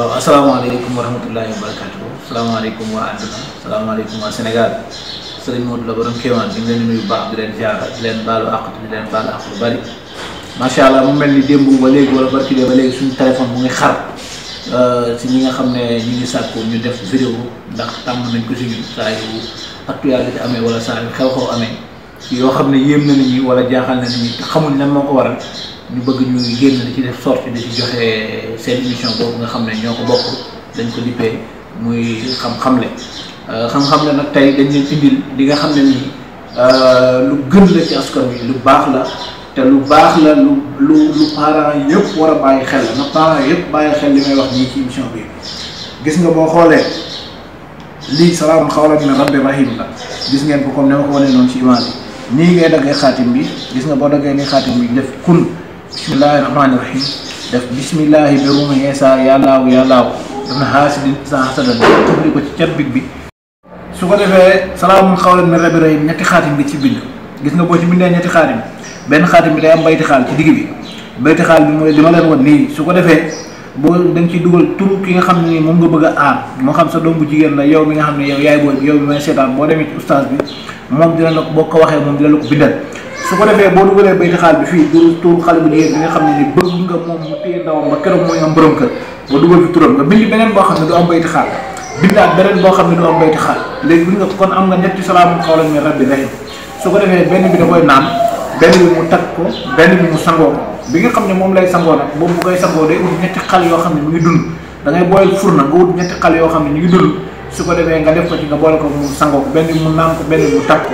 waaw asalaamaaleykum wa rahmatullahi wa barakatuh asalaamaaleykum waa àdduna asalaamaaleykum waa Sénégal sëriñ Modou la borom di leen di nuyu baax di leen ziara leen baalu àq di leen baalu àq lu bari macha allah mu mel ni démb ba léegi wala barki ba léegi suñu téléphone mu ngi xar si ñi nga xam ne ñi ngi sàkku ñu def vidéo ndax tàmm nañ ko si ñun saa yu actualité amee wala saa yu xew-xew amee yoo xam ne yéem na nit ñi wala jaaxal na nit ñi te xamuñ lan moo ko waral ñu bëgg ñu génn di ci def sortie di ci joxe seen émission boobu nga xam ne ñoo ko bokk dañ ko lippee muy xam-xamle euh, xam-xamle nag tey dañ leen indil li nga xam ne nii euh, lu gën la ci askan wi lu baax la te lu baax la lu lu lu parents yëpp war a bàyyi xel na parents yëpp bàyyi xel li may wax nii ci émission bi gis nga boo xoolee lii salaam xawlan min rabbi rahim la gis ngeen ko comme ni ma ko wane noonu ci image bi nii ngay daggee xaatim bi gis nga boo daggee nii xaatim bi بسم الله الرحمن الرحيم دف بسم الله بروم يسا يالاو يالاو دفنا حاسد انتسا حسد تبريكو تشبك بي سوكو دفع سلام خوالد من ربي رأي نتي خاتم بي تبين جسنا بوش من دي نتي خاتم بين خاتم بي تيام بيت خال تدقي بي بيت خال بي مولي دمالي رغد ني سوكو دفع بو دنكي دول ترو كي نخم ني مونغو بغا آم مو خم سدوم بو جيجن لا يو مي نخم ني يو ياي بو يو مي سيطان بو دمي استاذ بي مام دينا لك بو كواخي مام دينا لك بندر su ko defee boo dugalee bayti xaal bi fii du tuur xale bu jigéen bi nga xam ne ni bëgg nga moom mu téye ndawam ba keroog mooy am borom kër nga dugal fi turam nga bind beneen boo xam ne du am bayti xaal bindaat beneen boo xam ne du am bayti xaal léegi bi nga kon am nga ñetti salaamu xawlan min rabbi ko defee benn bi da koy tag ko benn bi sangoo bi nga xam ne moom lay sangoo nag boobu bu koy sangoo day ut ñetti xal yoo xam ne mu ngi dund da ngay booyal furna nga ut ñetti xal yoo xam ne ñu ngi dund suko de defee nga def ko ci nga bol ko mu sangoo ko benn mu nan ko benn mu takk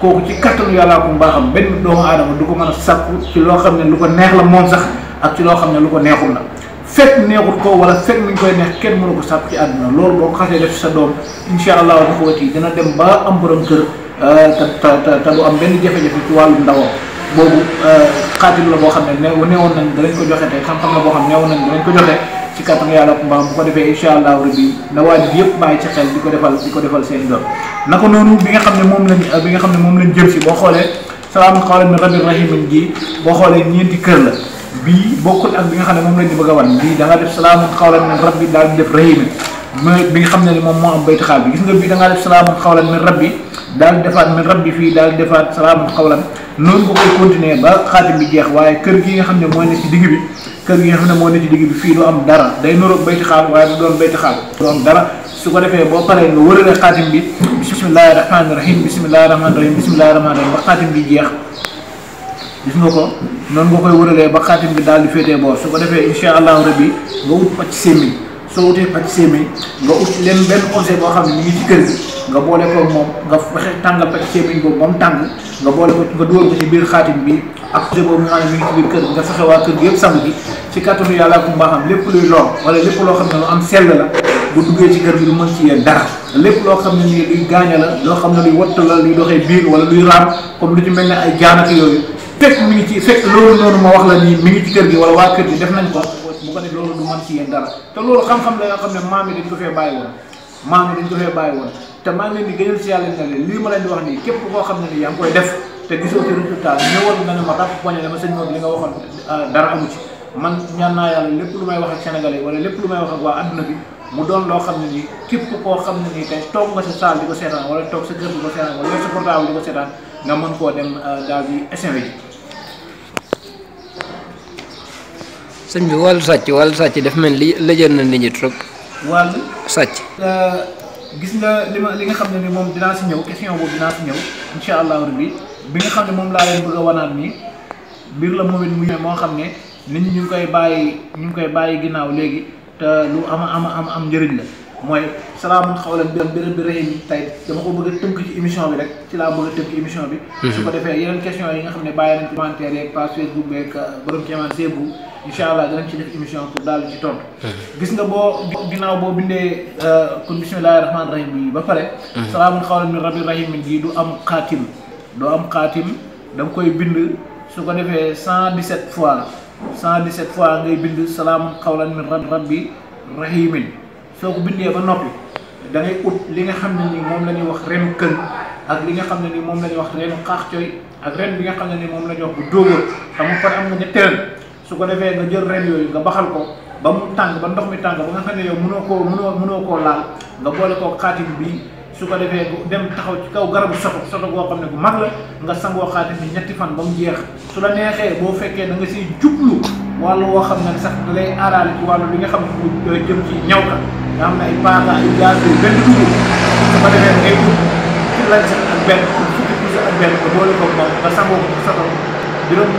kooku ci katul yalla ko mbaaxam benn do adam du ko meuna sakku ci lo xamne lu ko neex la mom sax ak ci lo xamne lu ko neexul la fek neexul ko wala fek mi koy neex ken mënu ko sàkku ci àdduna lool bo xasse def sa dom inshallah wa xawati dina dem ba am borom kër euh, te ta du am benn jafé jafé ci wàllu ndawam boobu euh, xaatim la bo xamne neewon nañ dañ ko joxe tay xam-xam la bo xamne neewon nañ dañ ko joxe ci kattan yàlla mbaam bu ko defé inshallah rabbi la wadi yep ma ci xel diko defal diko defal sen do nako nonu bi nga xamne mom lañ bi nga xamne mom lañ jëm ci bo xolé salam xawla min rabbir rahim ji bo xolé ñenti kër la bi bokul ak bi nga xamne mom lañ di bëgg wal bi da nga def salam xawla min rabbi da def rahim bi nga xamne mom mo am bayt xal bi gis nga bi da nga def salam xawla min rabbi dal defat min rabbi fi dal defat salam salaam noonu nga koy continuer ba xaatim bi jeex waaye kër gi nga xam ne mooy ne ci digg bi kër gi nga xam ne moo ne ci digg bi fii du am dara day nuroog bayti xaal waaye du doon bayti xaal du am dara su ko defee boo paree nga wërale xaatim bi bismillahi rahmaani rahim bismillahi rahmaani rahim bismillahi rahmaani rahim ba xaatim bi jeex gis nga ko noonu nga koy wëralee ba xaatim bi daal di féetee boor su ko defee incha allahu rabbi nga ut pàcc sémmiñ soo wutee pâtissier bi nga ut leen benn projet boo xam ne ñu ngi ci kër gi nga boole ko moom nga fexe tàngal pâtissier bi boobu ba mu tàng nga boole ko nga dugal ci biir xaatim bi ak projet boobu nga mi ngi ci kër gi nga waa kër bi ci kàttanu yàlla ak mbaaxam lépp luy lool lépp loo xam ne lu am sell la bu duggee ci kër lépp loo xam ne nii luy gaaña loo xam ne luy watt la luy doxee biir wala luy raam comme lu ci mel ne ay jaanaka yooyu fekk mi ngi ci fekk loolu noonu ma wax la nii mi ngi ci kër gi wala waa kër gi def nañ ko bu ko ne loolu du man ci yéen dara te loolu xam-xam la yoo xam ne maam yi dañ ko fee bàyyi woon maam yi fee bàyyi woon te maa ngi leen di gënal si yàlla ne leen lii ma leen di wax nii képp koo xam ne ni te gisoo ci résultat ñëwoon na ne ma ràpp poñe li nga waxoon ah, dara amu ci man ñaan naa yàlla lépp lu may wax ak sénégalais wala lépp lu may wax ak waa adduna bi mu doon loo xam ne nii képp koo xam ne nii tey toog nga sa salle di ko seetaan wala toog sa kër di ko seetaan wala sa portable di ko seetaan nga mën koo dem ah, daal di essayé sëñ bi wàllu sàcc wàllu sàcc dafa mel li lëjër na nit ñi trop. wàllu sàcc. gis nga li ma li nga xam ne ni moom dinaa si ñëw question boobu dinaa si ñëw incha allahu rabbi bi nga xam ne moom laa leen bëgg a wanaat nii biir la moom it mu ñëw moo xam ne nit ñu ngi koy bàyyi ñu koy bàyyi ginnaaw léegi te lu ama ama am am njariñ la mooy salaamun xaw bi mbir bi rëy yi tey dama ko bëgg a tënk ci émission bi rek ci laa bëgg a tënk émission bi mhm. su ko defee yeneen question yi nga xam ne bàyyi nañ commentaire incha allah danañ ci def émission pour daal ci tontu. Mhm. gis nga boo ginnaaw boo bindee euh, kon bismillahi rahmaani rahim bi ba pare. Mhm. salaamun xawlan min rabbi rahim gi du am xaatim doo am xaatim da koy bind su ko defee 117 fois 117 fois ngay bind salaamun xawlan min rabbi rahimin soo ko bindee ba noppi da ut li nga xam ne ni moom la ñuy wax ren këng ak li nga xam ne ni moom la ñuy wax ren xaax ak ren bi nga ni moom la ñuy wax bu dóoboon xam nga par am na ñetteel. su ko defee nga jël ren yooyu nga baxal ko ba mu tàng ba ndox mi tàng ba nga xam ne yow mënoo koo mënoo mënoo koo laal nga boole koo xaatim bi su ko defee dem taxaw ci kaw garabu soto soto boo xam ne bu mag la nga sangoo xaatim ñetti fan ba mu su la neexee fekkee da nga siy jublu woo xam ne sax da lay aaraale ci nga xam ne mu jëm ci ñaw ka nga xam ne ay paaka ay benn dugub su ko defee ak benn nga boole ko nga sangoo ko soto juróom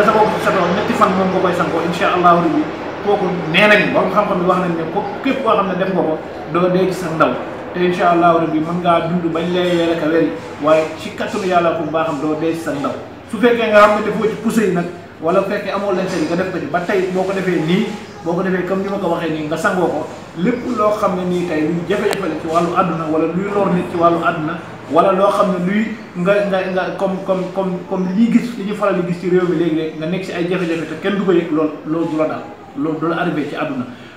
nga sa bopp setoo nga koy sangoo insha allahu rabbi kooku nee nañ borom xam-xam bi wax nañ ne ko képp koo xam ne def nga ko doo dee ci sa ndaw te insha allahu rabbi mën ngaa dund bañ lay weer ak a weri waaye ci kattanu yàlla ko baaxam doo dee ci sa ndaw su fekkee nga xam ne defoo ci poussé yi nag wala fekkee amoo lente yi nga ko tey boo ko defee nii boo ko defee comme ni ma ko waxee nii nga sangoo ko lépp loo xam ne nii tey luy jafe-jafe la ci wàllu àdduna wala luy lor nit ci wàllu àdduna wala loo xam ne luy nga nga nga comme comme comme comme lii gis li ñu faral di gis ci réew mi léegi nga nekk si ay jafe-jafe te kenn du ko yëg loolu loolu du la daal loolu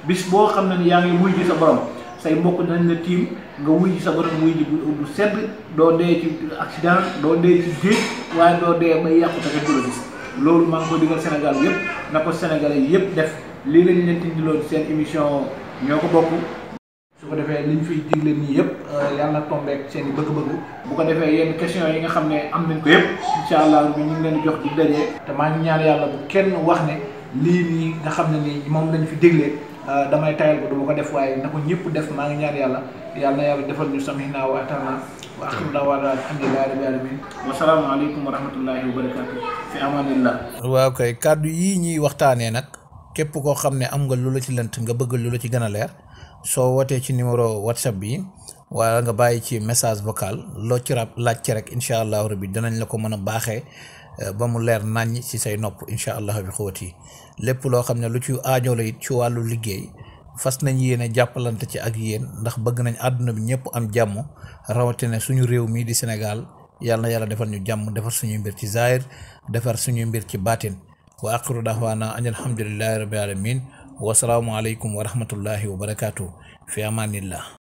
bis boo xam ne yaa ngi wuy ji sa borom say mbokk nañ la tiim nga wuy ji sa borom wuy ji bu sedd doo dee ci accident doo dee ci géej waaye doo dee may yàqu loolu maa ngi ko digal Sénégal yëpp na ko Sénégalais yëpp def lii lañ leen indiloon seen émission ñoo ko bokk su ko defee liñ fiy digle nii yëpp euh, yàlla tombeek seen i bëgg-bëgg bu ko defee yenn question yi nga xam ne am nañ ko yëpp incha allah ñu ngi leen jox di dajee yàlla bu kenn wax ne lii nii nga xam ne nii moom lañ fi déglee euh, damay tayal ko duma ko def waaye na ko ñëpp def maa ngi ñaan yàlla yàlla na yàlla defal ñu samihna wa atana wa axiru daawaana alhamdulillahi rabbil alamin wa salaamu aleykum wa rahmatullahi wa barakatu fi amanillah waaw kay kàddu yi ñuy waxtaanee nag képp koo xam ne am nga lu la ci lënt nga bëgg lu la ci gën a leer soo wootee ci numéro whatsapp bi wala nga bàyyi ci message vocal loo ci rab laaj ci rek incha allahu rabbi dinañ la ko mën a baaxee eh, ba mu leer naññ ci say nopp incha allah bi xóot yi lépp loo xam ne lu ci aajoo la it ci wàllu liggéey fas nañ yéene jàppalante ci ak yéen ndax bëgg nañ àdduna bi ñëpp am jàmm rawatina suñu réew mii di Sénégal yàlla na yàlla defal ñu jàmm defar suñuy mbir ci zaahir defar suñu mbir ci baatin wa aqiru dahwaana an alhamdulillahi rabbil wasalamu alaikum warahmatullahi wabarakatuh fi amanillah